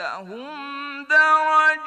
لهم درجات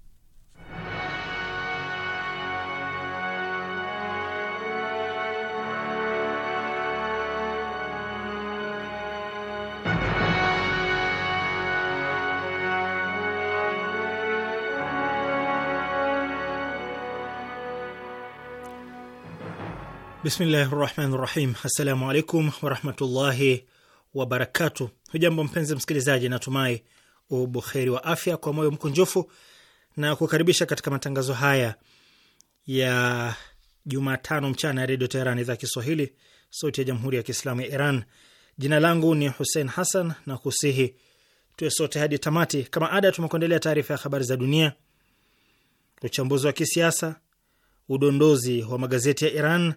Bismillahi rahmani rahim. Assalamu alaikum warahmatullahi wabarakatu. Hujambo mpenzi msikilizaji, natumai ubuheri wa afya. Kwa moyo mkunjufu na kukaribisha katika matangazo haya ya Jumatano mchana ya Redio Teheran, idhaa Kiswahili, sauti ya Jamhuri ya Kiislamu ya Iran. Jina langu ni Hussein Hassan na kusihi tuwe sote hadi tamati. Kama ada, tumekuendelea taarifa ya habari za dunia, uchambuzi wa kisiasa, udondozi wa magazeti ya Iran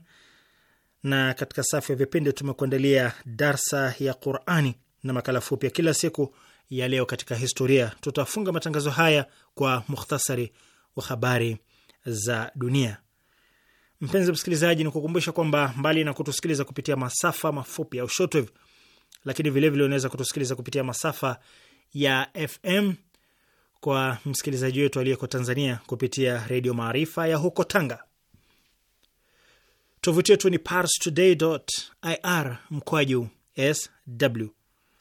na katika safu ya vipindi tumekuandalia darsa ya Qurani na makala fupi ya kila siku ya leo katika historia. Tutafunga matangazo haya kwa mukhtasari wa habari za dunia. Mpenzi msikilizaji, ni kukumbusha kwamba mbali na kutusikiliza kupitia masafa mafupi au shortwave, lakini vilevile unaweza kutusikiliza kupitia masafa ya FM kwa msikilizaji wetu aliyeko Tanzania kupitia Redio Maarifa ya huko Tanga. Tovuti yetu ni parstoday.ir mkwaju sw.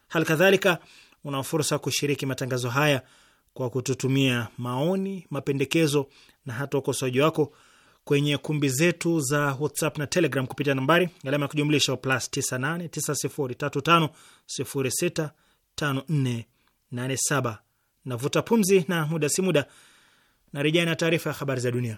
Hali kadhalika una fursa kushiriki matangazo haya kwa kututumia maoni, mapendekezo na hata ukosoaji wako kwenye kumbi zetu za WhatsApp na Telegram kupitia nambari alama ya kujumlisha plus 989035065487. Navuta pumzi na muda si muda narejea na taarifa ya habari za dunia.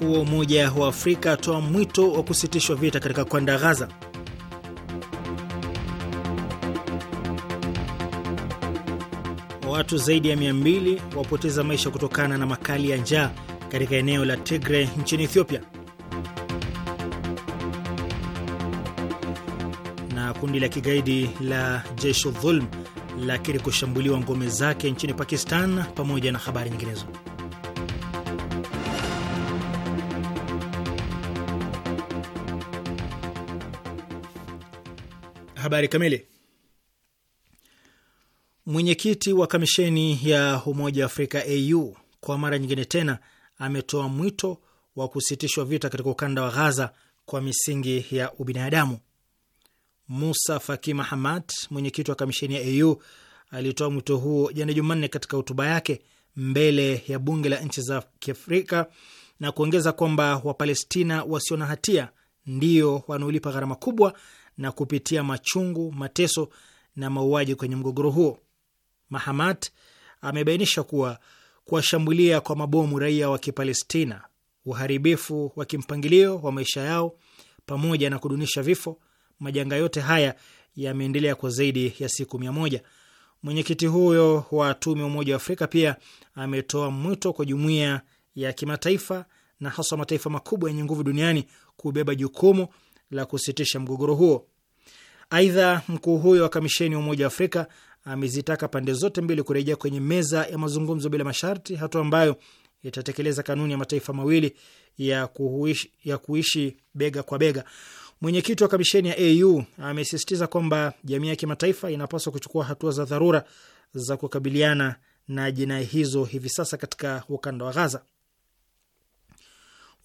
mkuu wa Umoja wa Afrika atoa mwito wa kusitishwa vita katika kwanda ghaza Watu zaidi ya 200 wapoteza maisha kutokana na makali ya njaa katika eneo la Tigre nchini Ethiopia. Na kundi la kigaidi la jeshu dhulm lakini kushambuliwa ngome zake nchini Pakistan pamoja na habari nyinginezo. Habari kamili. Mwenyekiti wa kamisheni ya Umoja wa Afrika AU kwa mara nyingine tena ametoa mwito wa kusitishwa vita katika ukanda wa Ghaza kwa misingi ya ubinadamu. Musa Faki Mahamat, mwenyekiti wa kamisheni ya AU, alitoa mwito huo jana Jumanne katika hotuba yake mbele ya bunge la nchi za Kiafrika na kuongeza kwamba Wapalestina wasio na hatia ndio wanaolipa gharama kubwa na kupitia machungu, mateso na mauaji kwenye mgogoro huo. Mahamat amebainisha kuwa kuwashambulia kwa mabomu raia wa Kipalestina, uharibifu wa kimpangilio wa maisha yao, pamoja na kudunisha vifo, majanga yote haya yameendelea kwa zaidi ya siku mia moja. Mwenyekiti huyo wa tume Umoja wa Afrika pia ametoa mwito kwa jumuiya ya kimataifa na haswa mataifa makubwa yenye nguvu duniani kubeba jukumu la kusitisha mgogoro huo. Aidha, mkuu huyo wa kamisheni ya Umoja wa Afrika amezitaka pande zote mbili kurejea kwenye meza ya mazungumzo bila masharti, hatua ambayo itatekeleza kanuni ya mataifa mawili ya kuishi, ya kuishi bega kwa bega. Mwenyekiti wa kamisheni ya AU amesisitiza kwamba jamii ya kimataifa inapaswa kuchukua hatua za dharura za kukabiliana na jinai hizo hivi sasa katika ukanda wa Gaza.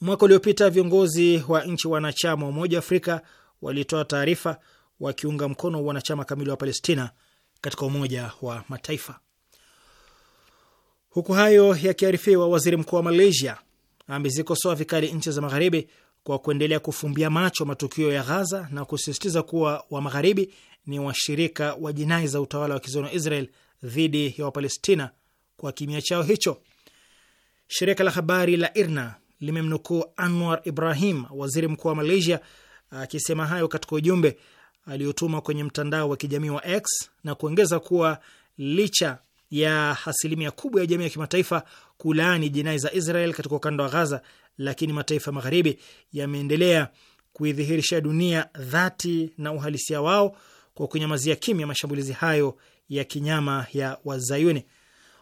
Mwaka uliopita viongozi wa nchi wanachama wa Umoja wa Afrika walitoa taarifa wakiunga mkono wanachama kamili wa Palestina katika Umoja wa Mataifa. Huku hayo yakiarifiwa, waziri mkuu wa Malaysia amezikosoa vikali nchi za magharibi kwa kuendelea kufumbia macho matukio ya Ghaza na kusisitiza kuwa wa magharibi ni washirika wa jinai za utawala wa wa Israel dhidi ya Wapalestina kwa kimya chao hicho. Shirika la habari la IRNA limemnukuu Anwar Ibrahim, waziri mkuu wa Malaysia, akisema hayo katika ujumbe aliyotuma kwenye mtandao wa kijamii wa X na kuongeza kuwa licha ya asilimia kubwa ya jamii ya kimataifa kulaani jinai za Israel katika ukanda wa Gaza, lakini mataifa magharibi yameendelea kuidhihirisha dunia dhati na uhalisia wao kwa kunyamazia kimya mashambulizi hayo ya kinyama ya Wazayuni.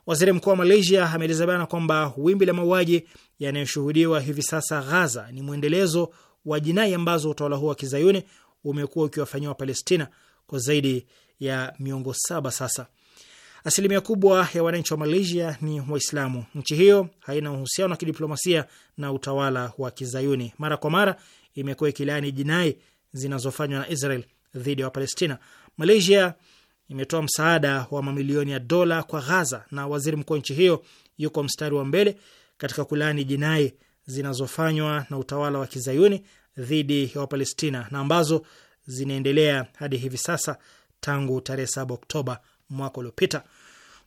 Waziri mkuu wa Malaysia ameeleza bana kwamba wimbi la mauaji yanayoshuhudiwa hivi sasa Ghaza ni mwendelezo wa jinai ambazo utawala huo wa kizayuni umekuwa ukiwafanyia Wapalestina kwa zaidi ya miongo saba sasa. Asilimia kubwa ya wananchi wa Malaysia ni Waislamu. Nchi hiyo haina uhusiano wa kidiplomasia na utawala wa Kizayuni. Mara kwa mara imekuwa ikilaani jinai zinazofanywa na Israel dhidi ya Wapalestina. Malaysia imetoa msaada wa mamilioni ya dola kwa Ghaza na waziri mkuu wa nchi hiyo yuko mstari wa mbele katika kulaani jinai zinazofanywa na utawala wa kizayuni dhidi ya Wapalestina na ambazo zinaendelea hadi hivi sasa tangu tarehe 7 Oktoba mwaka uliopita.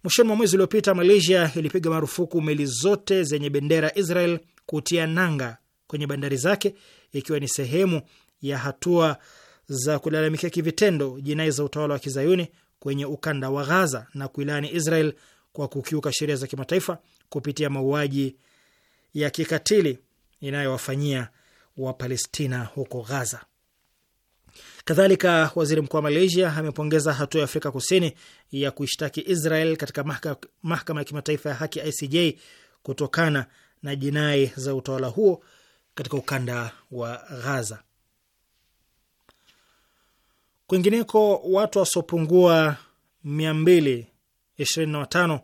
Mwishoni mwa mwezi uliopita, Malaysia ilipiga marufuku meli zote zenye bendera Israel kutia nanga kwenye bandari zake, ikiwa ni sehemu ya hatua za kulalamikia kivitendo jinai za utawala wa kizayuni kwenye ukanda wa Ghaza na kuilani Israel kwa kukiuka sheria za kimataifa kupitia mauaji ya kikatili inayowafanyia Wapalestina huko Ghaza. Kadhalika, waziri mkuu wa Malaysia amepongeza hatua ya Afrika Kusini ya kuishtaki Israel katika mahakama ya kimataifa ya haki ICJ kutokana na jinai za utawala huo katika ukanda wa Ghaza. Kwingineko, watu wasiopungua 225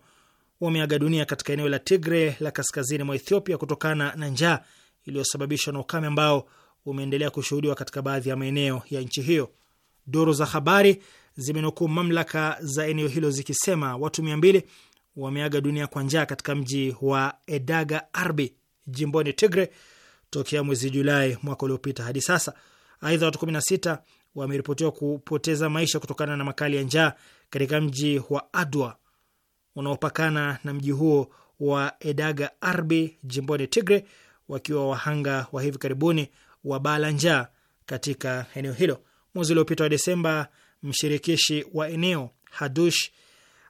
wameaga dunia katika eneo la Tigre la kaskazini mwa Ethiopia kutokana na njaa iliyosababishwa na ukame ambao umeendelea kushuhudiwa katika baadhi ya maeneo ya nchi hiyo. Duru za habari zimenukuu mamlaka za eneo hilo zikisema watu mia mbili wameaga dunia kwa njaa katika mji wa Edaga Arbi jimboni Tigre tokea mwezi Julai mwaka uliopita hadi sasa. Aidha, watu 16 wameripotiwa kupoteza maisha kutokana na makali ya njaa katika mji wa Adwa unaopakana na mji huo wa Edaga Arbi jimboni Tigre, wakiwa wahanga wa hivi karibuni wa baa la njaa katika eneo hilo. Mwezi uliopita wa Desemba, mshirikishi wa eneo Hadush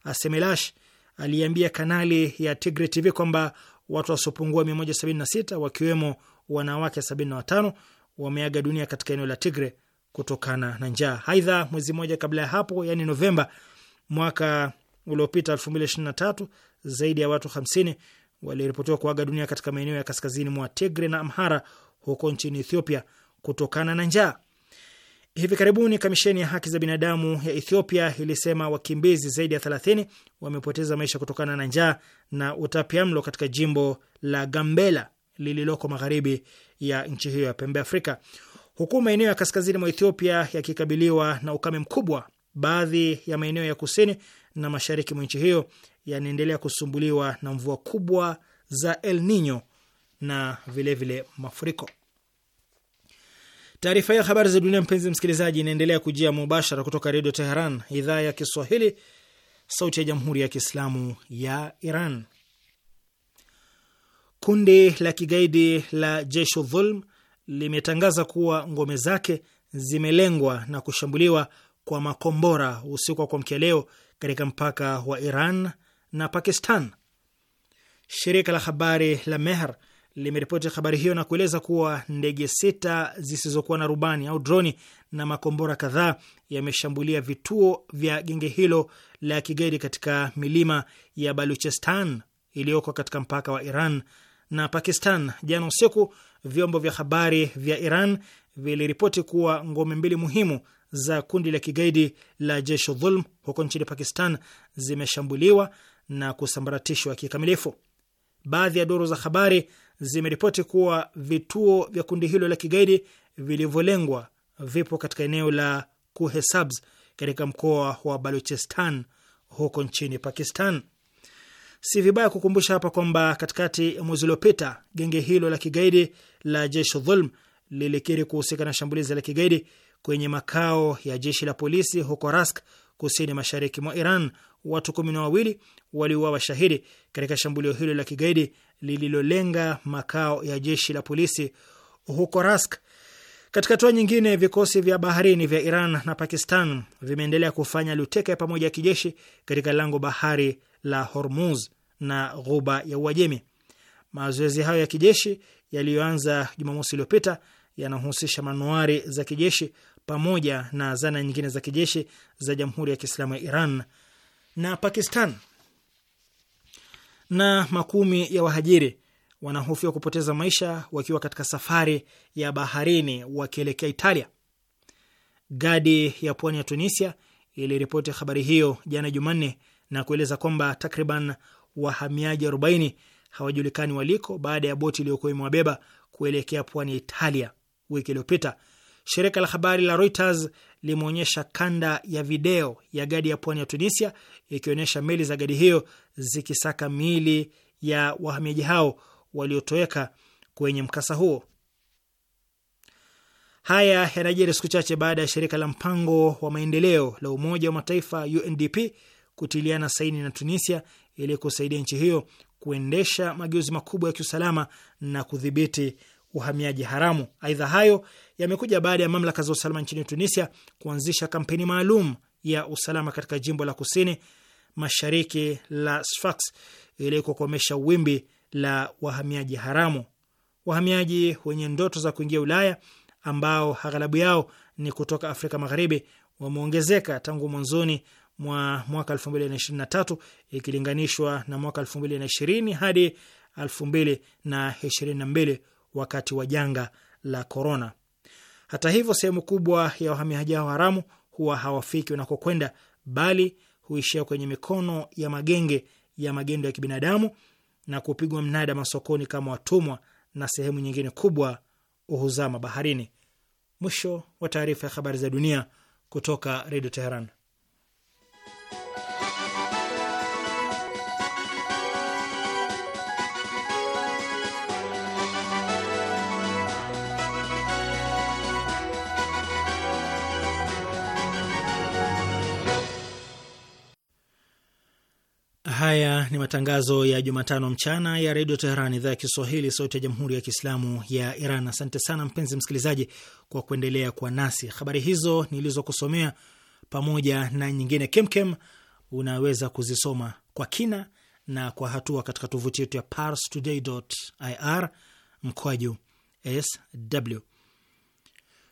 Asemelash aliambia kanali ya Tigre TV kwamba watu wasiopungua 176 wakiwemo wanawake 75 wameaga dunia katika eneo la Tigre kutokana na njaa. Aidha, mwezi mmoja kabla ya hapo, yani Novemba mwaka uliopita 2023 zaidi ya watu 50 waliripotiwa kuaga dunia katika maeneo ya kaskazini mwa Tigre na Amhara huko nchini Ethiopia kutokana na njaa. Hivi karibuni kamisheni ya haki za binadamu ya Ethiopia ilisema wakimbizi zaidi ya 30 wamepoteza maisha kutokana na njaa na utapiamlo katika jimbo la Gambela lililoko magharibi ya nchi hiyo ya pembe Afrika. Huku maeneo ya kaskazini mwa Ethiopia yakikabiliwa na ukame mkubwa, baadhi ya maeneo ya kusini na mashariki mwa nchi hiyo yanaendelea kusumbuliwa na mvua kubwa za El Nino na vilevile vile mafuriko. Taarifa ya habari za dunia, mpenzi msikilizaji, inaendelea kujia mubashara kutoka Redio Teheran, idhaa ya Kiswahili, sauti ya Jamhuri ya Kiislamu ya Iran. Kundi la kigaidi la Jeshu Dhulm limetangaza kuwa ngome zake zimelengwa na kushambuliwa kwa makombora usiku wa kuamkia leo katika mpaka wa Iran na Pakistan. Shirika la habari la Mehr limeripoti habari hiyo na kueleza kuwa ndege sita zisizokuwa na rubani au droni na makombora kadhaa yameshambulia vituo vya genge hilo la kigaidi katika milima ya Baluchestan iliyoko katika mpaka wa Iran na Pakistan. Jana usiku, vyombo vya habari vya Iran viliripoti kuwa ngome mbili muhimu za kundi la kigaidi la Jeshi Dhulm huko nchini Pakistan zimeshambuliwa na kusambaratishwa kikamilifu. Baadhi ya duru za habari zimeripoti kuwa vituo vya kundi hilo la kigaidi vilivyolengwa vipo katika eneo la Kuhesabs katika mkoa wa Baluchistan huko nchini Pakistan. Si vibaya kukumbusha hapa kwamba katikati ya mwezi uliopita genge hilo la kigaidi la Jeshi Dhulm lilikiri kuhusika na shambulizi la kigaidi kwenye makao ya jeshi la polisi huko Rask, kusini mashariki mwa Iran. Watu kumi na wawili waliuawa shahidi katika shambulio hilo la kigaidi lililolenga makao ya jeshi la polisi huko Rask. Katika hatua nyingine, vikosi vya baharini vya Iran na Pakistan vimeendelea kufanya luteka ya pamoja ya kijeshi katika lango bahari la Hormuz na ghuba ya Uajemi. Mazoezi hayo ya kijeshi yaliyoanza Jumamosi iliyopita yanahusisha manuari za kijeshi pamoja na zana nyingine za kijeshi za Jamhuri ya Kiislamu ya Iran na Pakistan. Na makumi ya wahajiri wanahofiwa kupoteza maisha wakiwa katika safari ya baharini wakielekea Italia. Gadi ya pwani ya Tunisia iliripoti habari hiyo jana Jumanne na kueleza kwamba takriban wahamiaji arobaini hawajulikani waliko baada ya boti iliyokuwa imewabeba kuelekea pwani ya Italia wiki iliyopita. Shirika la habari la Reuters limeonyesha kanda ya video ya gadi ya pwani ya Tunisia ikionyesha meli za gadi hiyo zikisaka miili ya wahamiaji hao waliotoweka kwenye mkasa huo. Haya yanajiri siku chache baada ya shirika la mpango wa maendeleo la Umoja wa Mataifa UNDP kutiliana saini na Tunisia ili kusaidia nchi hiyo kuendesha mageuzi makubwa ya kiusalama na kudhibiti uhamiaji haramu. Aidha, hayo yamekuja baada ya mamlaka za usalama nchini Tunisia kuanzisha kampeni maalum ya usalama katika jimbo la kusini mashariki la Sfax ili kukomesha wimbi la wahamiaji haramu. Wahamiaji wenye ndoto za kuingia Ulaya ambao aghalabu yao ni kutoka Afrika Magharibi wameongezeka tangu mwanzoni mwa mwaka tatu ikilinganishwa na mwaka ishirini hadi na mbili wakati wa janga la korona. Hata hivyo, sehemu kubwa ya wahamiaji hao haramu huwa hawafiki wanakokwenda, bali huishia kwenye mikono ya magenge ya magendo ya kibinadamu na kupigwa mnada masokoni kama watumwa, na sehemu nyingine kubwa uhuzama baharini. Mwisho wa taarifa ya habari za dunia kutoka Redio Teheran. Haya ni matangazo ya Jumatano mchana ya redio Teheran, idhaa ya Kiswahili, sauti ya jamhuri ya kiislamu ya Iran. Asante sana mpenzi msikilizaji kwa kuendelea kuwa nasi. Habari hizo nilizokusomea pamoja na nyingine kemkem unaweza kuzisoma kwa kina na kwa hatua katika tovuti yetu ya parstoday.ir mkwaju sw.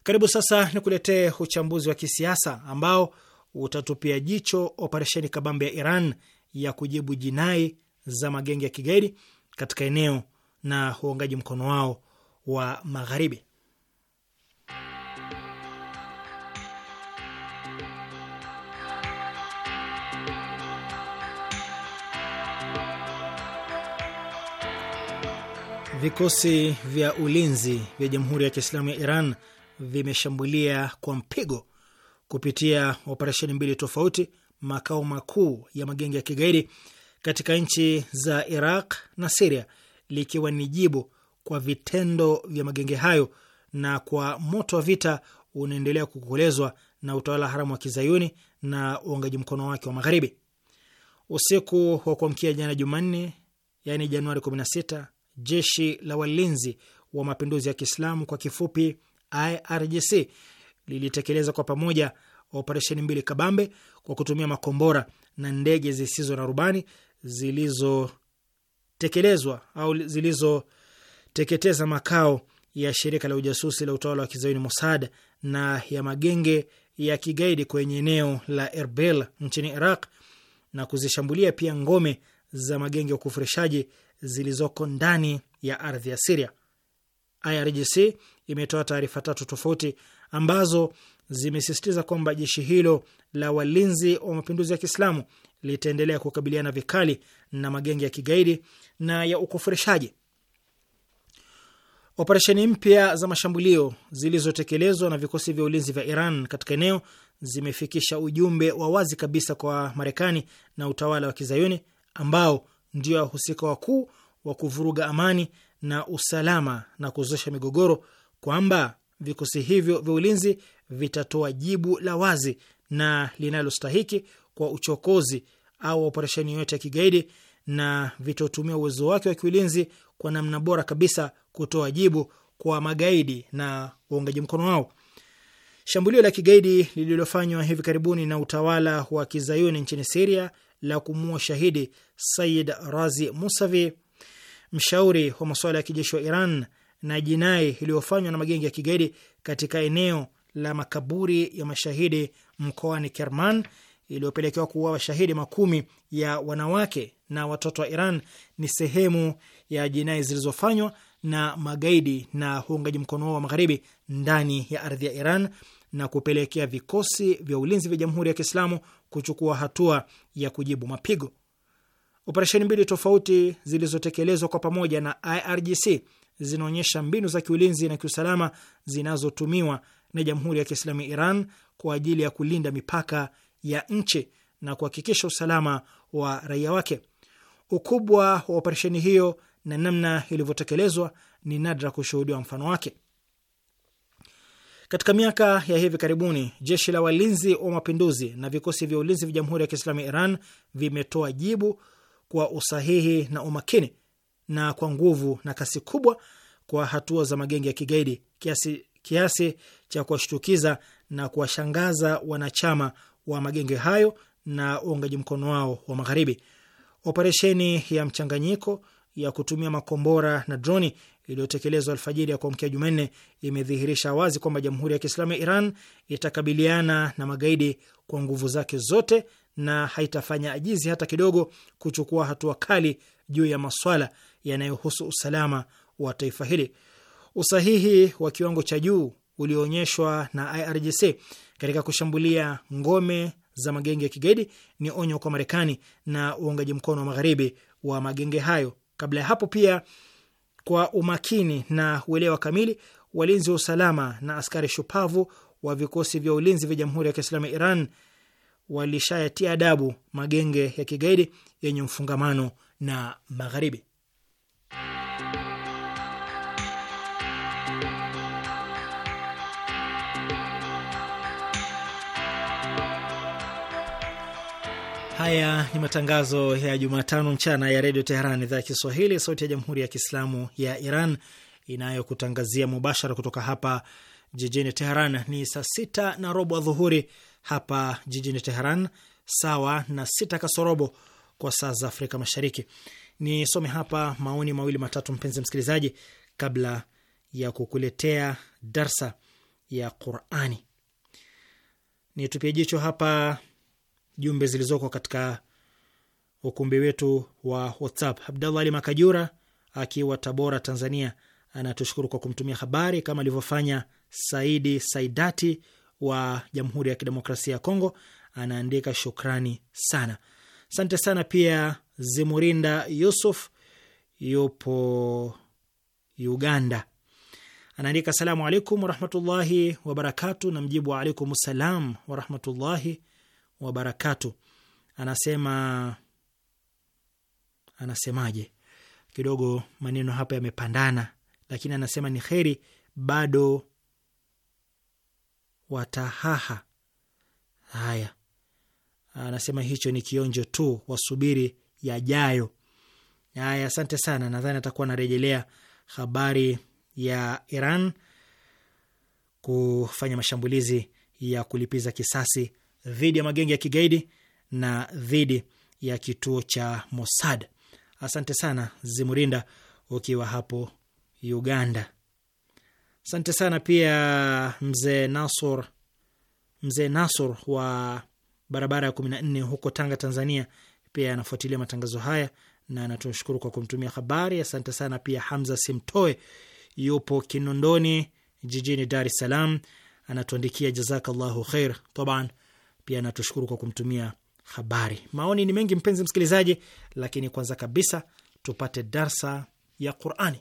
Karibu sasa nikuletee uchambuzi wa kisiasa ambao utatupia jicho operesheni kabambe ya Iran ya kujibu jinai za magenge ya kigaidi katika eneo na uungaji mkono wao wa magharibi. Vikosi vya ulinzi vya Jamhuri ya Kiislamu ya Iran vimeshambulia kwa mpigo kupitia operesheni mbili tofauti makao makuu ya magenge ya kigaidi katika nchi za Iraq na Siria, likiwa ni jibu kwa vitendo vya magenge hayo na kwa moto wa vita unaendelea kukolezwa na utawala haramu wa kizayuni na uungaji mkono wake wa magharibi. Usiku wa kuamkia jana Jumanne, yaani Januari 16, jeshi la walinzi wa mapinduzi ya Kiislamu kwa kifupi IRGC lilitekeleza kwa pamoja operesheni mbili kabambe kwa kutumia makombora na ndege zisizo na rubani zilizotekelezwa au zilizoteketeza makao ya shirika la ujasusi la utawala wa kizayuni Mossad na ya magenge ya kigaidi kwenye eneo la Erbil nchini Iraq na kuzishambulia pia ngome za magenge ya ukufurishaji zilizoko ndani ya ardhi ya Siria. IRGC imetoa taarifa tatu tofauti ambazo zimesisitiza kwamba jeshi hilo la walinzi wa mapinduzi ya Kiislamu litaendelea kukabiliana vikali na magenge ya kigaidi na ya ukufurishaji. Operesheni mpya za mashambulio zilizotekelezwa na vikosi vya ulinzi vya Iran katika eneo zimefikisha ujumbe wa wazi kabisa kwa Marekani na utawala wa Kizayuni ambao ndio wahusika wakuu wa kuvuruga amani na usalama na kuzusha migogoro kwamba vikosi hivyo vya ulinzi vitatoa jibu la wazi na linalostahiki kwa uchokozi au operesheni yoyote ya kigaidi na vitotumia uwezo wake wa kiulinzi kwa namna bora kabisa kutoa jibu kwa magaidi na waungaji mkono wao. Shambulio la kigaidi lililofanywa hivi karibuni na utawala wa kizayuni nchini Siria la kumua shahidi Said Razi Musavi, mshauri wa masuala ya kijeshi wa Iran, na jinai iliyofanywa na magengi ya kigaidi katika eneo la makaburi ya mashahidi mkoani Kerman iliyopelekewa kuua washahidi makumi ya wanawake na watoto wa Iran ni sehemu ya jinai zilizofanywa na magaidi na uungaji mkono wao wa magharibi ndani ya ardhi ya Iran na kupelekea vikosi vya ulinzi vya Jamhuri ya Kiislamu kuchukua hatua ya kujibu mapigo. Operesheni mbili tofauti zilizotekelezwa kwa pamoja na IRGC zinaonyesha mbinu za kiulinzi na kiusalama zinazotumiwa na Jamhuri ya Kiislamu ya Iran kwa ajili ya kulinda mipaka ya nchi na kuhakikisha usalama wa raia wake. Ukubwa wa operesheni hiyo na namna ilivyotekelezwa ni nadra kushuhudiwa mfano wake. Katika miaka ya hivi karibuni, jeshi la walinzi wa mapinduzi na vikosi vya ulinzi vya Jamhuri ya Kiislamu ya Iran vimetoa jibu kwa usahihi na umakini na kwa nguvu na kasi kubwa kwa hatua za magenge ya kigaidi kiasi kiasi cha kuwashtukiza na kuwashangaza wanachama wa magenge hayo na uungaji mkono wao wa Magharibi. Operesheni ya mchanganyiko ya kutumia makombora na droni iliyotekelezwa alfajiri ya kuamkia Jumanne imedhihirisha wazi kwamba Jamhuri ya Kiislamu ya Iran itakabiliana na magaidi kwa nguvu zake zote na haitafanya ajizi hata kidogo kuchukua hatua kali juu ya maswala yanayohusu usalama wa taifa hili usahihi wa kiwango cha juu ulioonyeshwa na IRGC katika kushambulia ngome za magenge ya kigaidi ni onyo kwa Marekani na uungaji mkono wa magharibi wa magenge hayo. Kabla ya hapo pia, kwa umakini na uelewa kamili, walinzi wa usalama na askari shupavu wa vikosi vya ulinzi vya Jamhuri ya Kiislamu ya Iran walishayatia adabu magenge ya kigaidi yenye mfungamano na magharibi. Haya ni matangazo ya Jumatano mchana ya Redio Teheran, idhaa ya Kiswahili, sauti ya Jamhuri ya Kiislamu ya Iran inayokutangazia mubashara kutoka hapa jijini Teheran. Ni saa sita na robo adhuhuri hapa jijini Teheran, sawa na sita kasorobo kwa saa za Afrika Mashariki. Nisome hapa maoni mawili matatu, mpenzi msikilizaji, kabla ya kukuletea darsa ya Qurani. Nitupie jicho hapa jumbe zilizoko katika ukumbi wetu wa WhatsApp. Abdallah Ali Makajura akiwa Tabora, Tanzania, anatushukuru kwa kumtumia habari kama alivyofanya Saidi Saidati wa Jamhuri ya Kidemokrasia ya Kongo. Anaandika shukrani sana, asante sana. Pia Zimurinda Yusuf yupo Uganda, anaandika salamu alaikum warahmatullahi wabarakatu, na mjibu wa alaikum salam warahmatullahi wabarakatu. Anasema anasemaje, kidogo maneno hapa yamepandana, lakini anasema ni kheri bado watahaha. Haya, anasema hicho ni kionjo tu, wasubiri yajayo. Haya, asante sana. Nadhani atakuwa anarejelea habari ya Iran kufanya mashambulizi ya kulipiza kisasi dhidi ya magenge ya kigaidi na dhidi ya kituo cha Mossad. Asante sana Zimurinda, ukiwa hapo Uganda. Asante sana pia mzee Nasor, mzee Nasor wa barabara ya kumi na nne huko Tanga, Tanzania, pia anafuatilia matangazo haya na natushukuru kwa kumtumia habari. Asante sana pia Hamza Simtoe, yupo Kinondoni jijini Dar es Salaam, anatuandikia jazakallahu khair taban pia anatushukuru kwa kumtumia habari. Maoni ni mengi mpenzi msikilizaji, lakini kwanza kabisa tupate darsa ya Qurani.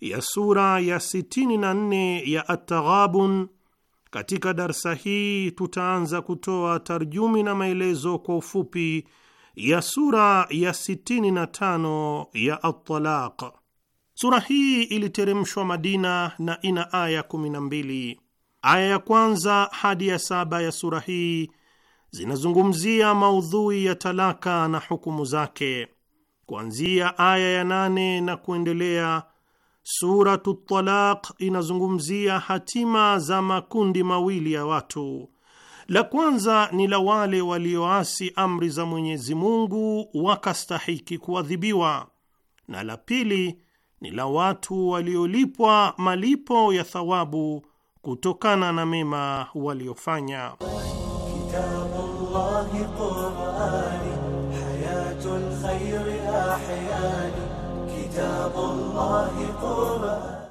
ya sura ya 64 ya At-Taghabun. Katika darsa hii tutaanza kutoa tarjumi na maelezo kwa ufupi ya sura ya 65 ya At-Talaq. Sura hii iliteremshwa Madina na ina aya 12. Aya ya kwanza hadi ya saba ya sura hii zinazungumzia maudhui ya talaka na hukumu zake. Kuanzia aya ya nane na kuendelea Suratu Talaq inazungumzia hatima za makundi mawili ya watu. La kwanza ni la wale walioasi amri za Mwenyezi Mungu wakastahiki kuadhibiwa, na la pili ni la watu waliolipwa malipo ya thawabu kutokana na mema waliofanya. Kitabullahi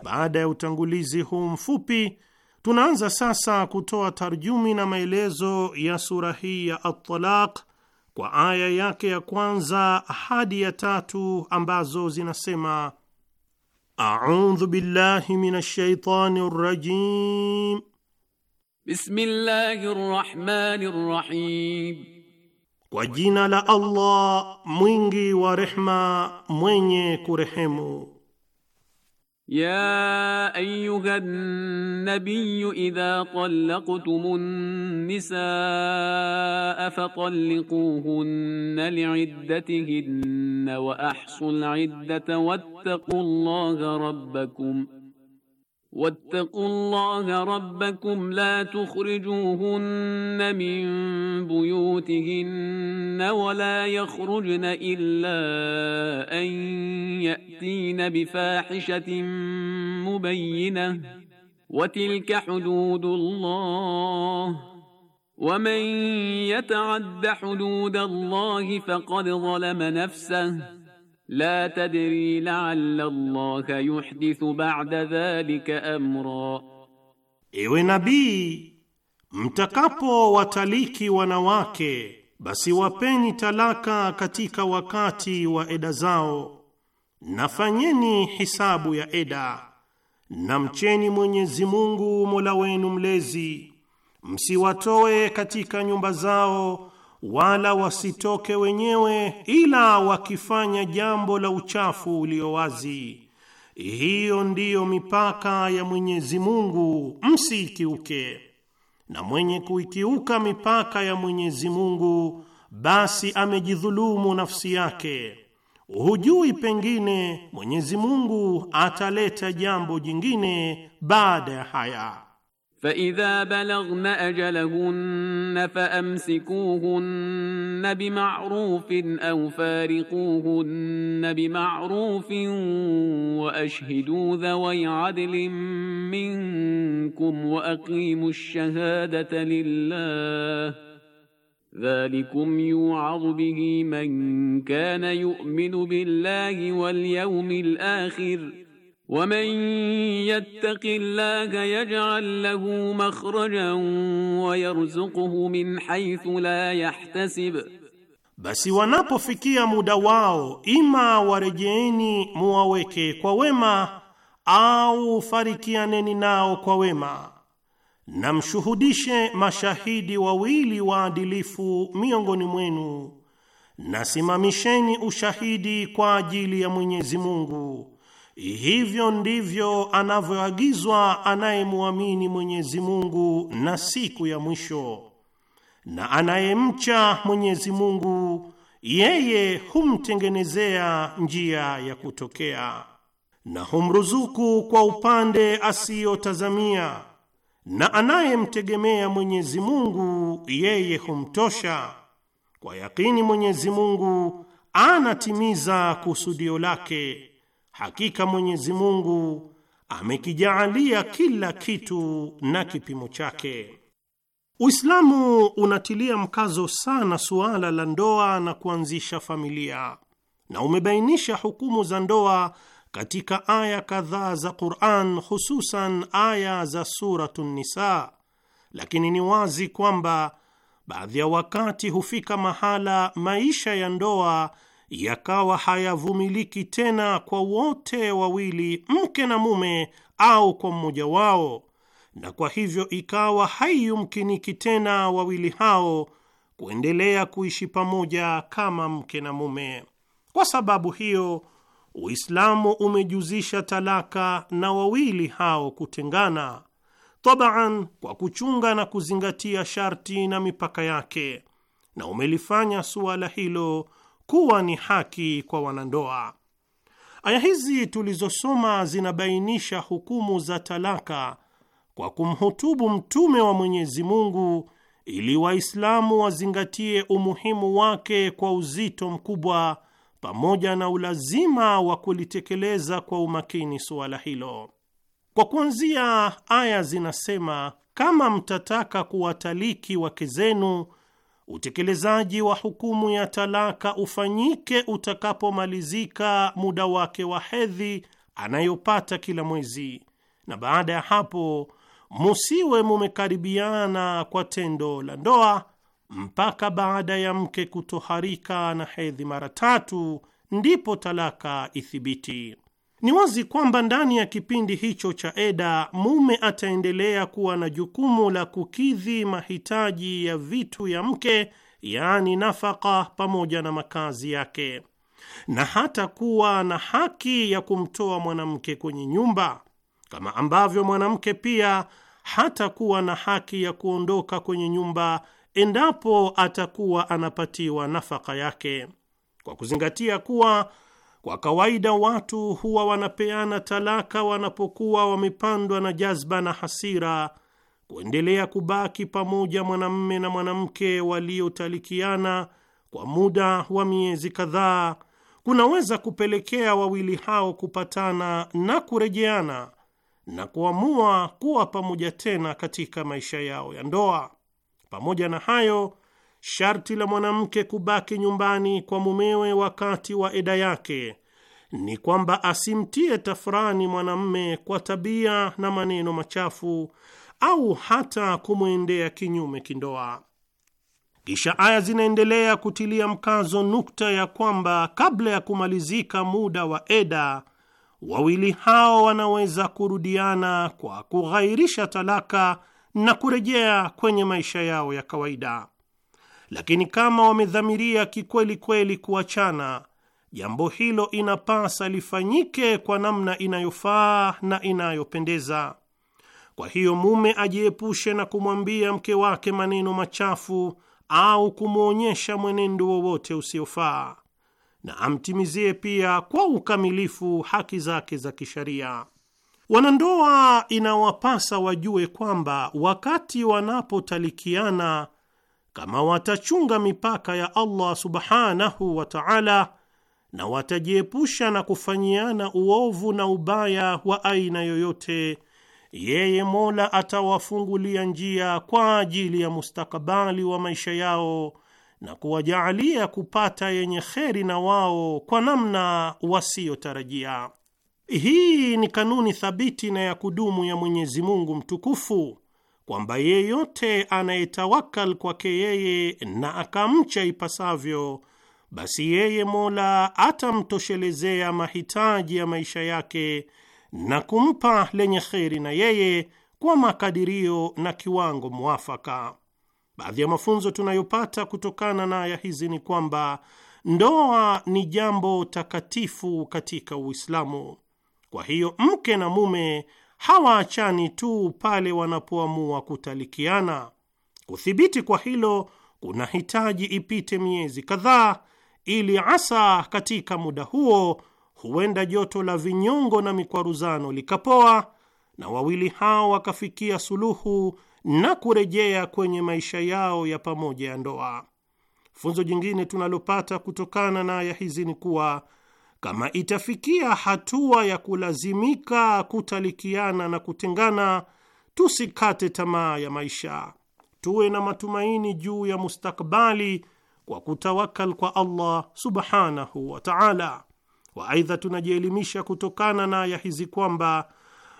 Baada ya utangulizi huu mfupi, tunaanza sasa kutoa tarjumi na maelezo ya sura hii ya At-Talaq kwa aya yake ya kwanza hadi ya tatu ambazo zinasema: audhu billahi minash shaitani bismillahi Kwa jina la Allah mwingi wa rehma mwenye kurehemu. Ya ayyuhan nabiy idha talaqtumun nisaa fatalliquhunna li'iddatihinna wa ahsul iddata wattaqullaha rabbakum واتقوا الله ربكم لا تخرجوهن من بيوتهن ولا يخرجن الا ان ياتين بفاحشه مبينه وتلك حدود الله ومن يتعد حدود الله فقد ظلم نفسه la tadri laalla Allah yuhdithu ba'da dhalika amra, Ewe nabii, mtakapo wataliki wanawake basi wapeni talaka katika wakati wa eda zao, nafanyeni hisabu ya eda, na mcheni Mwenyezi Mungu Mola wenu Mlezi, msiwatoe katika nyumba zao wala wasitoke wenyewe ila wakifanya jambo la uchafu ulio wazi. Hiyo ndiyo mipaka ya Mwenyezi Mungu, msiikiuke. Na mwenye kuikiuka mipaka ya Mwenyezi Mungu, basi amejidhulumu nafsi yake. Hujui, pengine Mwenyezi Mungu ataleta jambo jingine baada ya haya. فإذا بلغن أجلهن فأمسكوهن بمعروف أو فارقوهن بمعروف وأشهدوا ذوي عدل منكم وأقيموا الشهادة لله ذلكم يوعظ به من كان يؤمن بالله واليوم الآخر ۖ ومن يتق الله يجعل له مخرجا ويرزقه min haithu la yahtasib, basi wanapofikia muda wao, ima warejeeni muwaweke kwa wema au farikianeni nao kwa wema, na mshuhudishe mashahidi wawili waadilifu miongoni mwenu, na simamisheni ushahidi kwa ajili ya Mwenyezi Mungu Hivyo ndivyo anavyoagizwa anayemwamini Mwenyezi Mungu na siku ya mwisho, na anayemcha Mwenyezi Mungu yeye humtengenezea njia ya kutokea na humruzuku kwa upande asiyotazamia, na anayemtegemea Mwenyezi Mungu yeye humtosha. Kwa yakini Mwenyezi Mungu anatimiza kusudio lake. Hakika Mwenyezi Mungu amekijaalia kila kitu na kipimo chake. Uislamu unatilia mkazo sana suala la ndoa na kuanzisha familia na umebainisha hukumu za ndoa katika aya kadhaa za Qur'an, hususan aya za Suratun Nisa. Lakini ni wazi kwamba baadhi ya wakati hufika mahala maisha ya ndoa yakawa hayavumiliki tena kwa wote wawili, mke na mume, au kwa mmoja wao, na kwa hivyo ikawa haiyumkiniki tena wawili hao kuendelea kuishi pamoja kama mke na mume. Kwa sababu hiyo, Uislamu umejuzisha talaka na wawili hao kutengana, tabaan, kwa kuchunga na kuzingatia sharti na mipaka yake, na umelifanya suala hilo kuwa ni haki kwa wanandoa. Aya hizi tulizosoma zinabainisha hukumu za talaka kwa kumhutubu Mtume wa Mwenyezi Mungu ili Waislamu wazingatie umuhimu wake kwa uzito mkubwa pamoja na ulazima wa kulitekeleza kwa umakini suala hilo. Kwa kuanzia, aya zinasema, kama mtataka kuwataliki wake zenu utekelezaji wa hukumu ya talaka ufanyike utakapomalizika muda wake wa hedhi anayopata kila mwezi, na baada ya hapo musiwe mumekaribiana kwa tendo la ndoa mpaka baada ya mke kutoharika na hedhi mara tatu, ndipo talaka ithibiti. Ni wazi kwamba ndani ya kipindi hicho cha eda mume ataendelea kuwa na jukumu la kukidhi mahitaji ya vitu ya mke, yaani nafaka pamoja na makazi yake, na hata kuwa na haki ya kumtoa mwanamke kwenye nyumba, kama ambavyo mwanamke pia hatakuwa na haki ya kuondoka kwenye nyumba endapo atakuwa anapatiwa nafaka yake, kwa kuzingatia kuwa kwa kawaida watu huwa wanapeana talaka wanapokuwa wamepandwa na jazba na hasira kuendelea kubaki pamoja mwanamme na mwanamke waliotalikiana kwa muda wa miezi kadhaa kunaweza kupelekea wawili hao kupatana na kurejeana na kuamua kuwa pamoja tena katika maisha yao ya ndoa. Pamoja na hayo, sharti la mwanamke kubaki nyumbani kwa mumewe wakati wa eda yake ni kwamba asimtie tafurani mwanamme kwa tabia na maneno machafu au hata kumwendea kinyume kindoa. Kisha aya zinaendelea kutilia mkazo nukta ya kwamba kabla ya kumalizika muda wa eda, wawili hao wanaweza kurudiana kwa kughairisha talaka na kurejea kwenye maisha yao ya kawaida lakini kama wamedhamiria kikweli kweli kuachana, jambo hilo inapasa lifanyike kwa namna inayofaa na inayopendeza. Kwa hiyo mume ajiepushe na kumwambia mke wake maneno machafu au kumwonyesha mwenendo wowote usiofaa, na amtimizie pia kwa ukamilifu haki zake za kisheria. Wanandoa inawapasa wajue kwamba wakati wanapotalikiana kama watachunga mipaka ya Allah subhanahu wa ta'ala na watajiepusha na kufanyiana uovu na ubaya wa aina yoyote, yeye Mola atawafungulia njia kwa ajili ya mustakabali wa maisha yao na kuwajaalia kupata yenye kheri na wao kwa namna wasiyotarajia. Hii ni kanuni thabiti na ya kudumu ya Mwenyezi Mungu mtukufu kwamba yeyote anayetawakal kwake yeye na akamcha ipasavyo, basi yeye Mola atamtoshelezea mahitaji ya maisha yake na kumpa lenye kheri na yeye kwa makadirio na kiwango mwafaka. Baadhi ya mafunzo tunayopata kutokana na aya hizi ni kwamba ndoa ni jambo takatifu katika Uislamu. Kwa hiyo mke na mume hawaachani tu pale wanapoamua kutalikiana. Kuthibiti kwa hilo kuna hitaji ipite miezi kadhaa, ili asa katika muda huo huenda joto la vinyongo na mikwaruzano likapoa na wawili hao wakafikia suluhu na kurejea kwenye maisha yao ya pamoja ya ndoa. Funzo jingine tunalopata kutokana na aya hizi ni kuwa kama itafikia hatua ya kulazimika kutalikiana na kutengana, tusikate tamaa ya maisha, tuwe na matumaini juu ya mustakbali kwa kutawakal kwa Allah subhanahu wa ta'ala. Wa aidha, tunajielimisha kutokana na aya hizi kwamba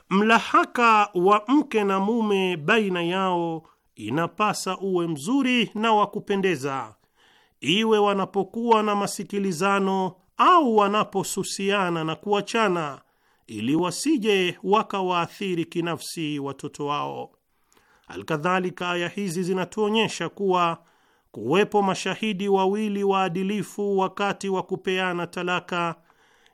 mlahaka wa mke na mume baina yao inapasa uwe mzuri na wa kupendeza, iwe wanapokuwa na masikilizano au wanaposusiana na kuachana, ili wasije wakawaathiri kinafsi watoto wao. Alkadhalika, aya hizi zinatuonyesha kuwa kuwepo mashahidi wawili waadilifu wakati wa kupeana talaka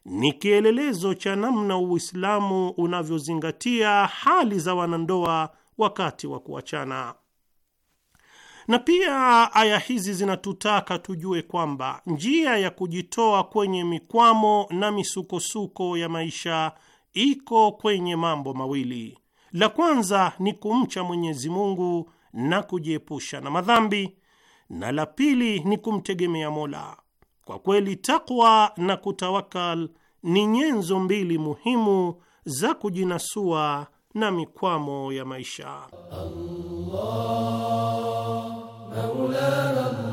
ni kielelezo cha namna Uislamu unavyozingatia hali za wanandoa wakati wa kuachana. Na pia aya hizi zinatutaka tujue kwamba njia ya kujitoa kwenye mikwamo na misukosuko ya maisha iko kwenye mambo mawili. La kwanza ni kumcha Mwenyezi Mungu na kujiepusha na madhambi, na la pili ni kumtegemea Mola. Kwa kweli, takwa na kutawakal ni nyenzo mbili muhimu za kujinasua na mikwamo ya maisha Allah. مولانا الله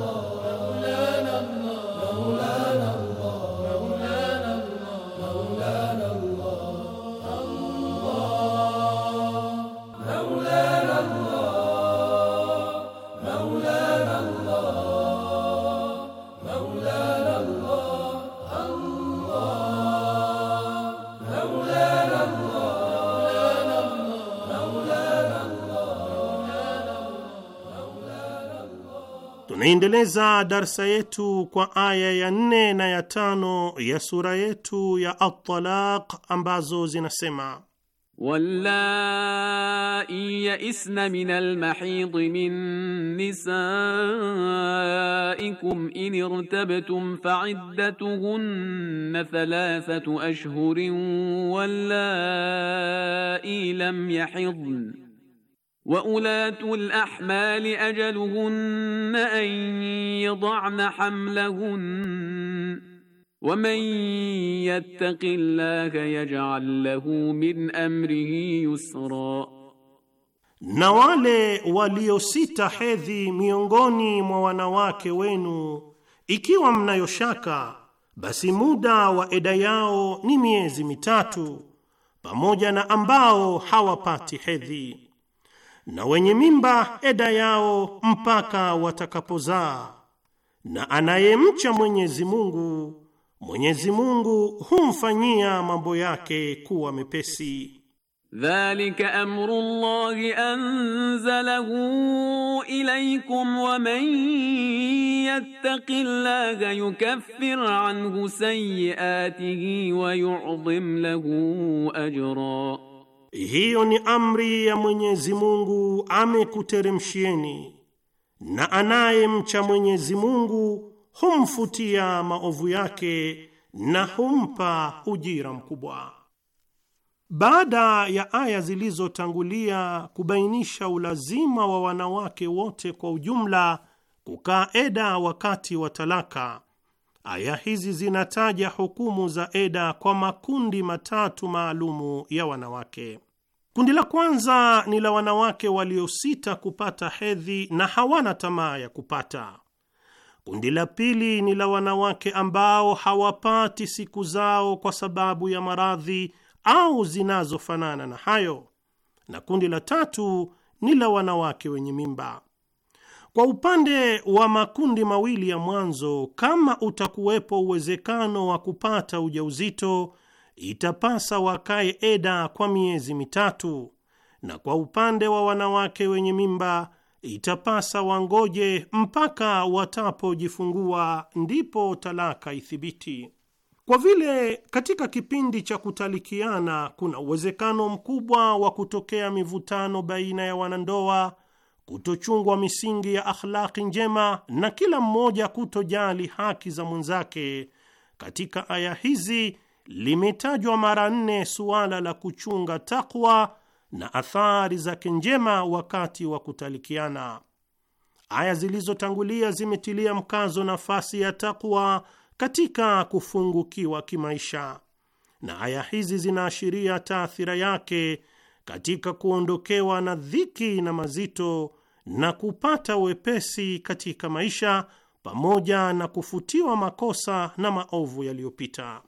Tunaendeleza darsa yetu kwa aya ya nne na ya tano ya sura yetu ya At-Talaq ambazo zinasema Wallai yaisna min almahid min nisaikum in irtabtum faiddatuhunna thalathatu ashhurin wallai lam yahidna وأولات الأحمال أجلهن أن يضعن حملهن ومن يتق الله يجعل له من أمره يسرا na wale waliosita hedhi miongoni mwa wanawake wenu, ikiwa mnayoshaka, basi muda wa eda yao ni miezi mitatu, pamoja na ambao hawapati hedhi na wenye mimba eda yao mpaka watakapozaa. Na anayemcha Mwenyezi Mungu, Mwenyezi Mungu humfanyia mambo yake kuwa mepesi. Dhalika amru Allahi anzalahu ilaykum wa man yattaqi Allaha yukaffir anhu sayyi'atihi wa yu'dhim lahu ajra hiyo ni amri ya Mwenyezi Mungu amekuteremshieni, na anayemcha Mwenyezi Mungu humfutia maovu yake na humpa ujira mkubwa. Baada ya aya zilizotangulia kubainisha ulazima wa wanawake wote kwa ujumla kukaa eda wakati wa talaka, Aya hizi zinataja hukumu za eda kwa makundi matatu maalumu ya wanawake. Kundi la kwanza ni la wanawake waliosita kupata hedhi na hawana tamaa ya kupata. Kundi la pili ni la wanawake ambao hawapati siku zao kwa sababu ya maradhi au zinazofanana na hayo, na kundi la tatu ni la wanawake wenye mimba. Kwa upande wa makundi mawili ya mwanzo, kama utakuwepo uwezekano wa kupata ujauzito, itapasa wakae eda kwa miezi mitatu, na kwa upande wa wanawake wenye mimba itapasa wangoje mpaka watapojifungua ndipo talaka ithibiti, kwa vile katika kipindi cha kutalikiana kuna uwezekano mkubwa wa kutokea mivutano baina ya wanandoa kutochungwa misingi ya akhlaqi njema na kila mmoja kutojali haki za mwenzake. Katika aya hizi limetajwa mara nne suala la kuchunga takwa na athari zake njema wakati wa kutalikiana. Aya zilizotangulia zimetilia mkazo nafasi ya takwa katika kufungukiwa kimaisha, na aya hizi zinaashiria taathira yake katika kuondokewa na dhiki na mazito na kupata wepesi katika maisha pamoja na kufutiwa makosa na maovu yaliyopita.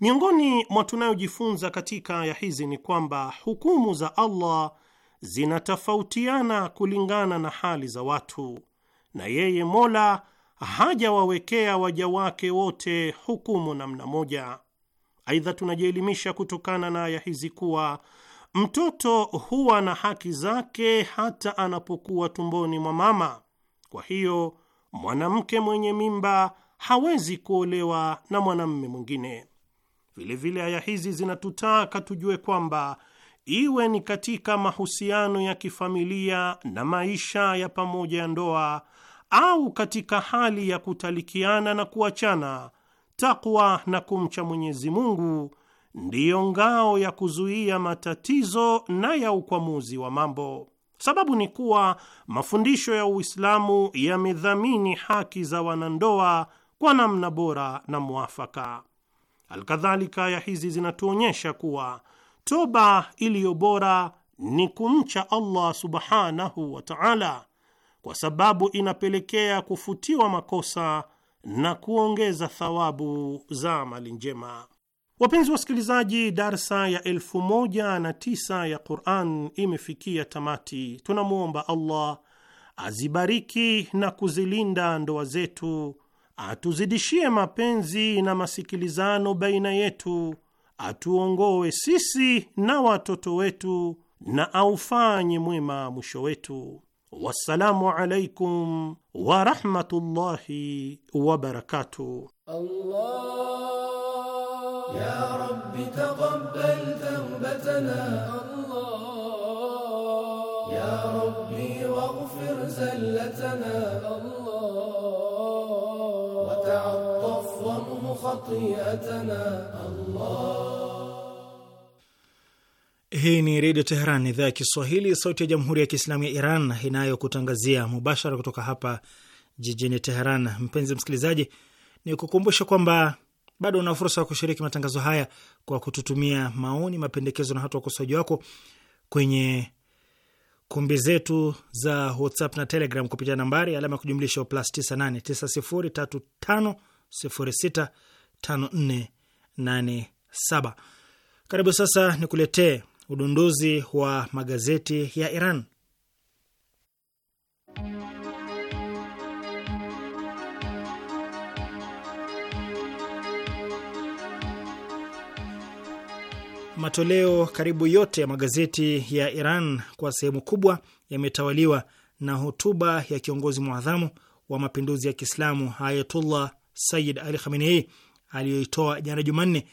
Miongoni mwa tunayojifunza katika aya hizi ni kwamba hukumu za Allah zinatofautiana kulingana na hali za watu, na yeye Mola hajawawekea waja wake wote hukumu namna moja. Aidha, tunajielimisha kutokana na aya hizi kuwa Mtoto huwa na haki zake hata anapokuwa tumboni mwa mama. Kwa hiyo mwanamke mwenye mimba hawezi kuolewa na mwanamme mwingine. Vilevile aya hizi zinatutaka tujue kwamba iwe ni katika mahusiano ya kifamilia na maisha ya pamoja ya ndoa au katika hali ya kutalikiana na kuachana, takwa na kumcha Mwenyezi Mungu ndiyo ngao ya kuzuia matatizo na ya ukwamuzi wa mambo. Sababu ni kuwa mafundisho ya Uislamu yamedhamini haki za wanandoa kwa namna bora na mwafaka. Alkadhalika, aya hizi zinatuonyesha kuwa toba iliyo bora ni kumcha Allah subhanahu wa ta'ala, kwa sababu inapelekea kufutiwa makosa na kuongeza thawabu za amali njema. Wapenzi wasikilizaji, darsa ya elfu moja na tisa ya Quran imefikia tamati. Tunamwomba Allah azibariki na kuzilinda ndoa zetu, atuzidishie mapenzi na masikilizano baina yetu, atuongoe sisi na watoto wetu, na aufanye mwema mwisho wetu. Wassalamu alaikum warahmatullahi wabarakatuh. Allah تقبل توبتنا الله يا ربي واغفر زلتنا الله وتعطف وامه خطيئتنا الله Hii ni Redio Teheran, idhaa ya Kiswahili, sauti ya Jamhuri ya Kiislamu ya Iran inayokutangazia mubashara kutoka hapa jijini Teheran. Mpenzi msikilizaji, ni kukumbusha kwamba bado una fursa ya kushiriki matangazo haya kwa kututumia maoni, mapendekezo na hata ukosoaji wako kwenye kumbi zetu za WhatsApp na Telegram kupitia nambari alama ya kujumlisha plus 989035065487. Karibu sasa nikuletee udunduzi wa magazeti ya Iran. matoleo karibu yote ya magazeti ya Iran kwa sehemu kubwa yametawaliwa na hotuba ya kiongozi mwadhamu wa mapinduzi ya Kiislamu Ayatullah Sayyid Ali Khamenei aliyoitoa jana Jumanne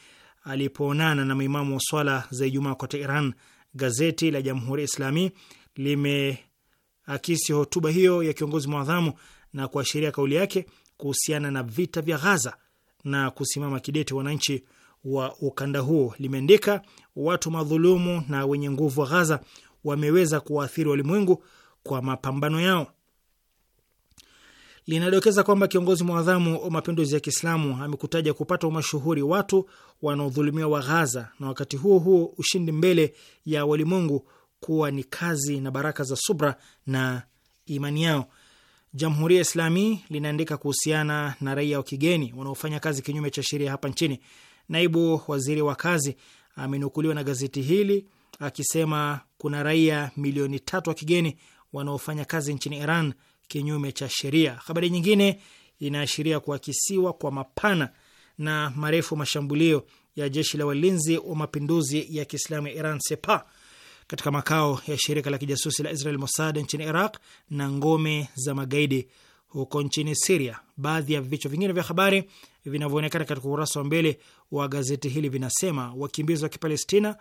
alipoonana na maimamu wa swala za Ijumaa kote Iran. Gazeti la Jamhuri ya Islami limeakisi hotuba hiyo ya kiongozi mwadhamu na kuashiria kauli yake kuhusiana na vita vya Ghaza na kusimama kidete wananchi wa ukanda huo. Limeandika watu madhulumu na wenye nguvu wa Ghaza wameweza kuwaathiri walimwengu kwa mapambano yao. Linadokeza kwamba kiongozi mwadhamu wa mapinduzi ya Kiislamu amekutaja kupata umashuhuri watu wanaodhulumiwa wa Ghaza, na wakati huo huo ushindi mbele ya walimwengu kuwa ni kazi na baraka za subra na imani yao. Jamhuri ya Islami linaandika kuhusiana na raia wa kigeni wanaofanya kazi kinyume cha sheria hapa nchini. Naibu waziri wa kazi amenukuliwa na gazeti hili akisema kuna raia milioni tatu wa kigeni wanaofanya kazi nchini Iran kinyume cha sheria. Habari nyingine inaashiria kuakisiwa kwa mapana na marefu mashambulio ya jeshi la walinzi wa mapinduzi ya Kiislamu ya Iran Sepa katika makao ya shirika la kijasusi la Israel Mossad nchini Iraq na ngome za magaidi huko nchini Siria. Baadhi ya vichwa vingine vya habari vinavyoonekana katika ukurasa wa mbele wa gazeti hili vinasema wakimbizi wa Kipalestina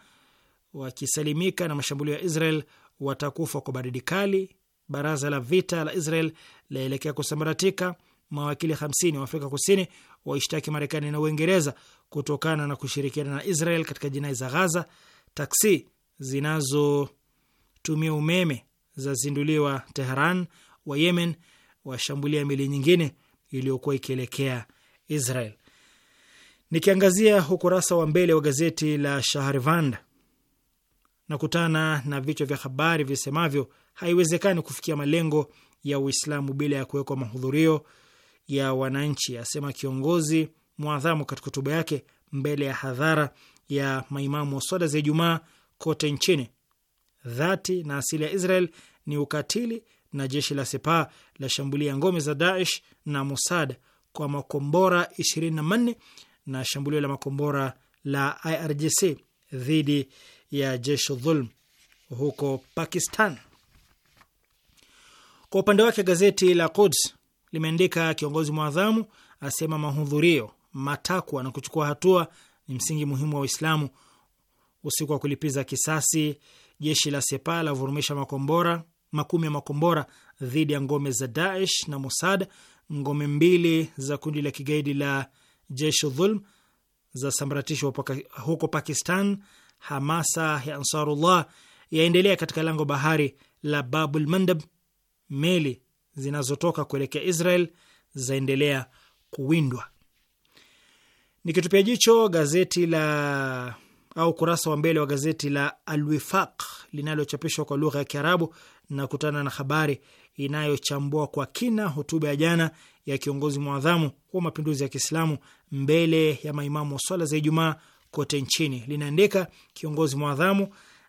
wakisalimika na mashambulio ya Israel watakufa kwa baridi kali. Baraza la vita la Israel laelekea kusambaratika. Mawakili 50 wa Afrika Kusini waishtaki Marekani na Uingereza kutokana na kushirikiana na Israel katika jinai za Ghaza. Taksi zinazotumia umeme zazinduliwa Teheran. Wa Yemen washambulia meli nyingine iliyokuwa ikielekea Israel. Nikiangazia ukurasa wa mbele wa gazeti la Shahrivand nakutana na vichwa vya habari visemavyo: haiwezekani kufikia malengo ya Uislamu bila ya kuwekwa mahudhurio ya wananchi, asema kiongozi mwadhamu katika hotuba yake mbele ya hadhara ya maimamu wa swala za Ijumaa kote nchini. Dhati na asili ya Israel ni ukatili, na jeshi la sepa la shambulia ngome za Daesh na Mossad kwa makombora 24 na shambulio la makombora la IRGC dhidi ya jeshi dhulm huko Pakistan. Kwa upande wake gazeti la Quds limeandika kiongozi mwadhamu asema mahudhurio, matakwa na kuchukua hatua ni msingi muhimu wa Uislamu. Usiku wa kulipiza kisasi, jeshi la Sepa la vurumisha makombora makumi ya makombora dhidi ya ngome za Daesh na Mossad ngome mbili za kundi la kigaidi la Jeshi Dhulm za sambaratishwa huko Pakistan. Hamasa ya Ansarullah yaendelea katika lango bahari la Babul Mandab. Meli zinazotoka kuelekea Israel zaendelea kuwindwa. Nikitupia jicho gazeti la au kurasa wa mbele wa gazeti la Alwifaq linalochapishwa kwa lugha ya Kiarabu na kutana na habari inayochambua kwa kina hotuba ya jana ya kiongozi mwadhamu wa mapinduzi ya Kiislamu mbele ya maimamu wa swala za Ijumaa kote nchini. Linaandika, kiongozi mwadhamu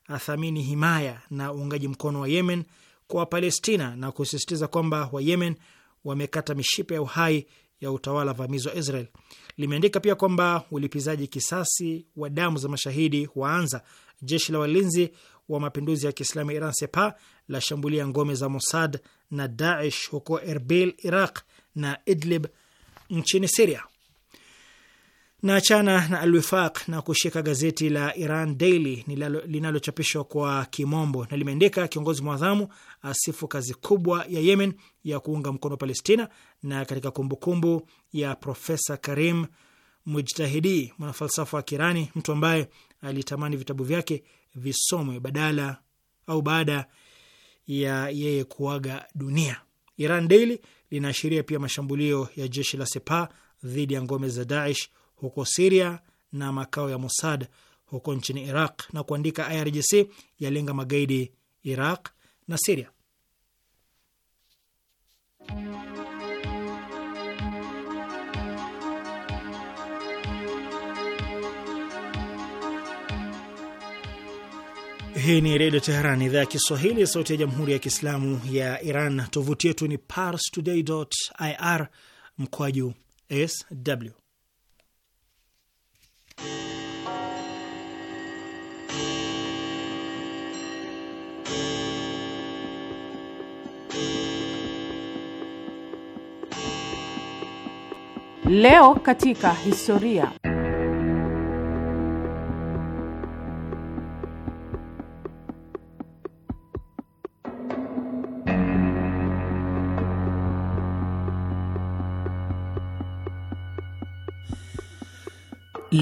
athamini himaya na uungaji mkono wa Yemen kwa Wapalestina na kusisitiza kwamba Wayemen wamekata mishipa ya uhai ya utawala vamizi wa Israel. Limeandika pia kwamba ulipizaji kisasi wa damu za mashahidi waanza. Jeshi la walinzi wa mapinduzi ya Kiislamu ya Iran Sepa la shambulia ngome za Mossad na Daesh huko Erbil, Iraq na Idlib nchini Siria. Na achana na Alwifaq na kushika gazeti la Iran Daily linalochapishwa kwa Kimombo na limeandika kiongozi mwadhamu asifu kazi kubwa ya Yemen ya kuunga mkono Palestina. Na katika kumbukumbu -kumbu ya Profesa Karim Mujtahidi, mwanafalsafa wa Kirani, mtu ambaye alitamani vitabu vyake visomwe badala au baada ya yeye kuaga dunia. Iran Daily linaashiria pia mashambulio ya jeshi la sepa dhidi ya ngome za Daesh huko Siria na makao ya Mossad huko nchini Iraq na kuandika IRGC yalenga magaidi Iraq na Siria. Hii ni Redio Teheran, idhaa ya Kiswahili, sauti ya Jamhuri ya Kiislamu ya Iran. Tovuti yetu ni parstoday.ir mkwaju sw. Leo katika historia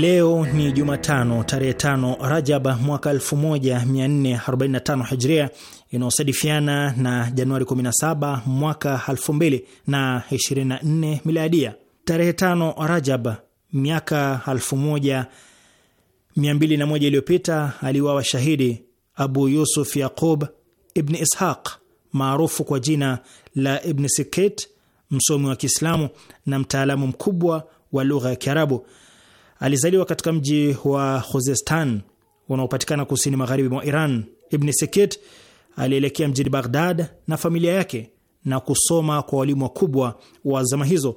Leo ni Jumatano tarehe tano Rajaba mwaka 1445 Hijria, inayosadifiana na Januari 17 mwaka 2024 Miladia. Tarehe tano Rajab miaka 1201 iliyopita aliuawa shahidi Abu Yusuf Yaqub Ibn Ishaq maarufu kwa jina la Ibn Sikit, msomi wa Kiislamu na mtaalamu mkubwa wa lugha ya Kiarabu. Alizaliwa katika mji wa Khuzestan unaopatikana kusini magharibi mwa Iran. ibni Sekit alielekea mjini Baghdad na familia yake na kusoma kwa walimu wakubwa wa zama hizo.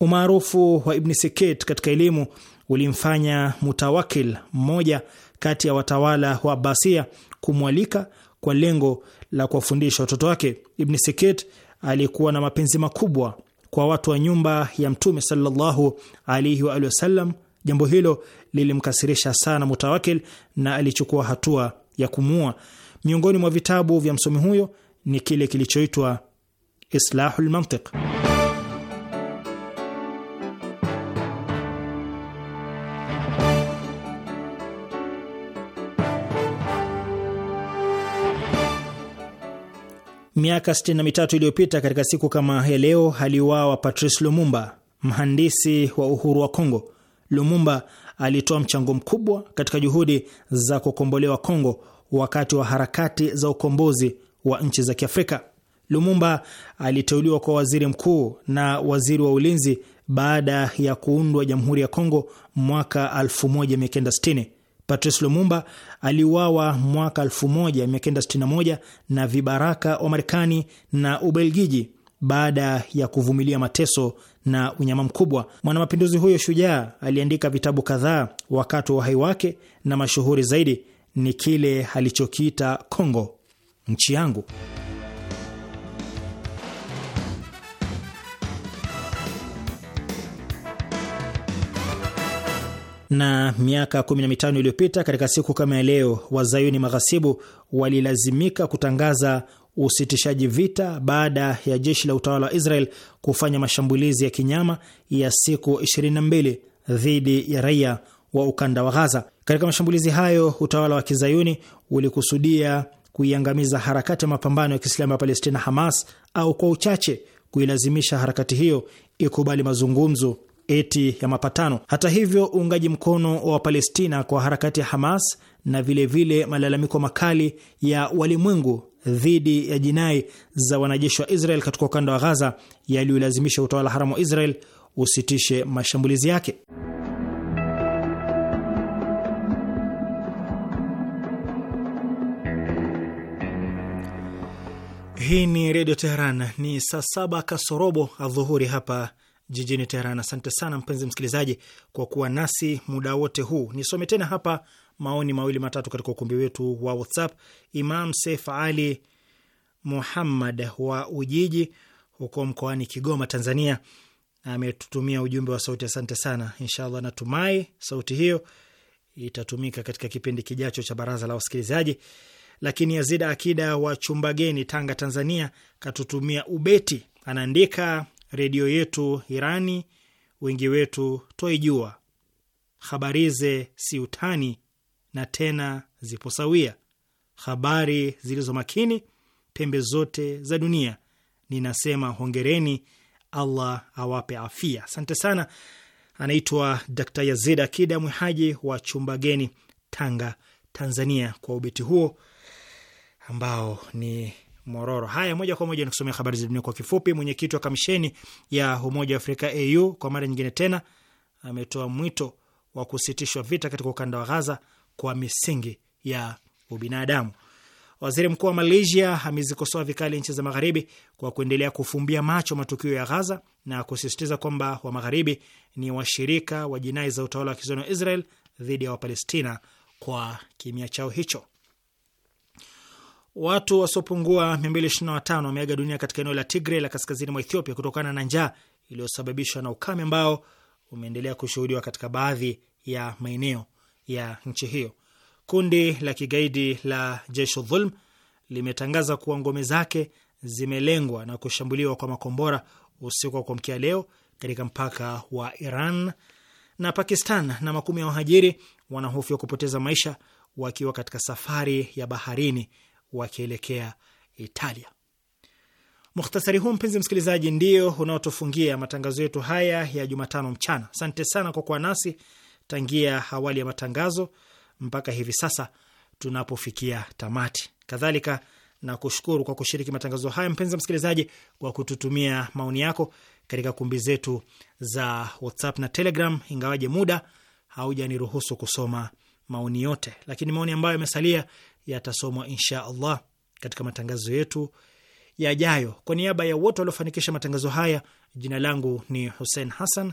Umaarufu wa ibni Sekit katika elimu ulimfanya Mutawakil, mmoja kati ya watawala wa abasia kumwalika kwa lengo la kuwafundisha watoto wake. Ibn Sekit alikuwa na mapenzi makubwa kwa watu wa nyumba ya Mtume sallallahu alaihi wa alihi wasallam Jambo hilo lilimkasirisha sana Mutawakil na alichukua hatua ya kumuua. Miongoni mwa vitabu vya msomi huyo ni kile kilichoitwa Islahul Mantiq. Miaka 63 iliyopita katika siku kama ya leo aliuawa Patrice Lumumba, mhandisi wa uhuru wa Kongo. Lumumba alitoa mchango mkubwa katika juhudi za kukombolewa Kongo wakati wa harakati za ukombozi wa nchi za Kiafrika. Lumumba aliteuliwa kwa waziri mkuu na waziri wa ulinzi baada ya kuundwa Jamhuri ya Kongo mwaka 1960. Patrice Lumumba aliuawa mwaka 1961 na vibaraka wa Marekani na Ubelgiji baada ya kuvumilia mateso na unyama mkubwa. Mwanamapinduzi huyo shujaa aliandika vitabu kadhaa wakati wa uhai wake, na mashuhuri zaidi ni kile alichokiita Kongo nchi yangu. Na miaka 15 iliyopita katika siku kama ya leo, wazayuni maghasibu walilazimika kutangaza usitishaji vita baada ya jeshi la utawala wa Israel kufanya mashambulizi ya kinyama ya siku 22 dhidi ya raia wa ukanda wa Ghaza. Katika mashambulizi hayo, utawala wa kizayuni ulikusudia kuiangamiza harakati ya mapambano ya Kiislamu ya Palestina, Hamas, au kwa uchache kuilazimisha harakati hiyo ikubali mazungumzo eti ya mapatano. Hata hivyo, uungaji mkono wa Palestina kwa harakati ya Hamas na vilevile vile malalamiko makali ya walimwengu dhidi ya jinai za wanajeshi wa Israel katika ukanda wa Ghaza yaliyolazimisha utawala haramu wa Israel usitishe mashambulizi yake. Hii ni Redio Teheran. Ni saa saba kasorobo adhuhuri hapa jijini Teheran. Asante sana mpenzi msikilizaji kwa kuwa nasi muda wote huu. Nisome tena hapa maoni mawili matatu katika ukumbi wetu wa WhatsApp. Imam Saif Ali Muhammad wa Ujiji huko mkoani Kigoma, Tanzania, ametutumia ujumbe wa sauti. Asante sana. Inshallah, natumai sauti hiyo itatumika katika kipindi kijacho cha baraza la wasikilizaji. Lakini Yazida Akida wa Chumbageni, Tanga, Tanzania, katutumia ubeti, anaandika: redio yetu Irani, wengi wetu twaijua, habarize si utani, na tena zipo sawia. Habari zilizo makini pembe zote za dunia, ninasema hongereni, Allah awape afia. Asante sana. Anaitwa Dr Yazid Akida Mwihaji wa Chumbageni, Tanga, Tanzania, kwa ubeti huo ambao ni mororo. Haya, moja kwa moja nikusomea habari za dunia kwa kifupi. Mwenyekiti wa kamisheni ya Umoja wa Afrika AU kwa mara nyingine tena ametoa mwito wa kusitishwa vita katika ukanda wa Ghaza kwa misingi ya ubinadamu. Waziri mkuu wa Malaysia amezikosoa vikali nchi za magharibi kwa kuendelea kufumbia macho matukio ya Ghaza na kusisitiza kwamba wa magharibi ni washirika wa jinai za utawala wa kizoni wa Israel dhidi ya Wapalestina kwa kimya chao hicho. Watu wasiopungua 225 wameaga dunia katika eneo la Tigre la kaskazini mwa Ethiopia kutokana na njaa iliyosababishwa na ukame ambao umeendelea kushuhudiwa katika baadhi ya maeneo ya nchi hiyo. Kundi la kigaidi la Jeshu Dhulm limetangaza kuwa ngome zake zimelengwa na kushambuliwa kwa makombora usiku wa kuamkia leo katika mpaka wa Iran na Pakistan, na makumi ya wahajiri wanahofiwa kupoteza maisha wakiwa katika safari ya baharini wakielekea Italia. Mukhtasari huu mpenzi msikilizaji, ndio unaotufungia matangazo yetu haya ya Jumatano mchana. Asante sana kwa kuwa nasi tangia awali ya matangazo mpaka hivi sasa tunapofikia tamati. Kadhalika na kushukuru kwa kushiriki matangazo haya, mpenzi msikilizaji, kwa kututumia maoni yako katika kumbi zetu za WhatsApp na Telegram, ingawaje muda haujaniruhusu kusoma maoni yote, lakini maoni ambayo yamesalia yatasomwa insha Allah katika matangazo yetu yajayo. Kwa niaba ya wote waliofanikisha matangazo haya, jina langu ni Hussein Hassan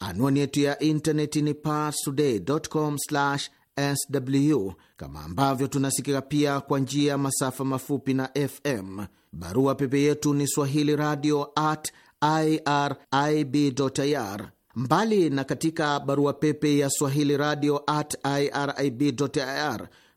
Anwani yetu ya intaneti ni parstoday.com/sw, kama ambavyo tunasikika pia kwa njia ya masafa mafupi na FM. Barua pepe yetu ni swahili radio at irib.ir. Mbali na katika barua pepe ya swahili radio at irib.ir